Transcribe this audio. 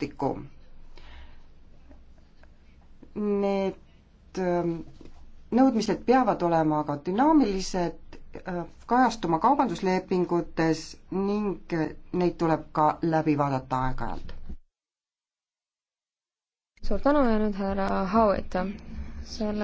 raamistikku. Need ähm, nõudmised peavad olema aga dünaamilised, äh, kajastuma kaubanduslepingutes ning äh, neid tuleb ka läbi vaadata aeg-ajalt. suur tänu ja nüüd härra Howitt. selle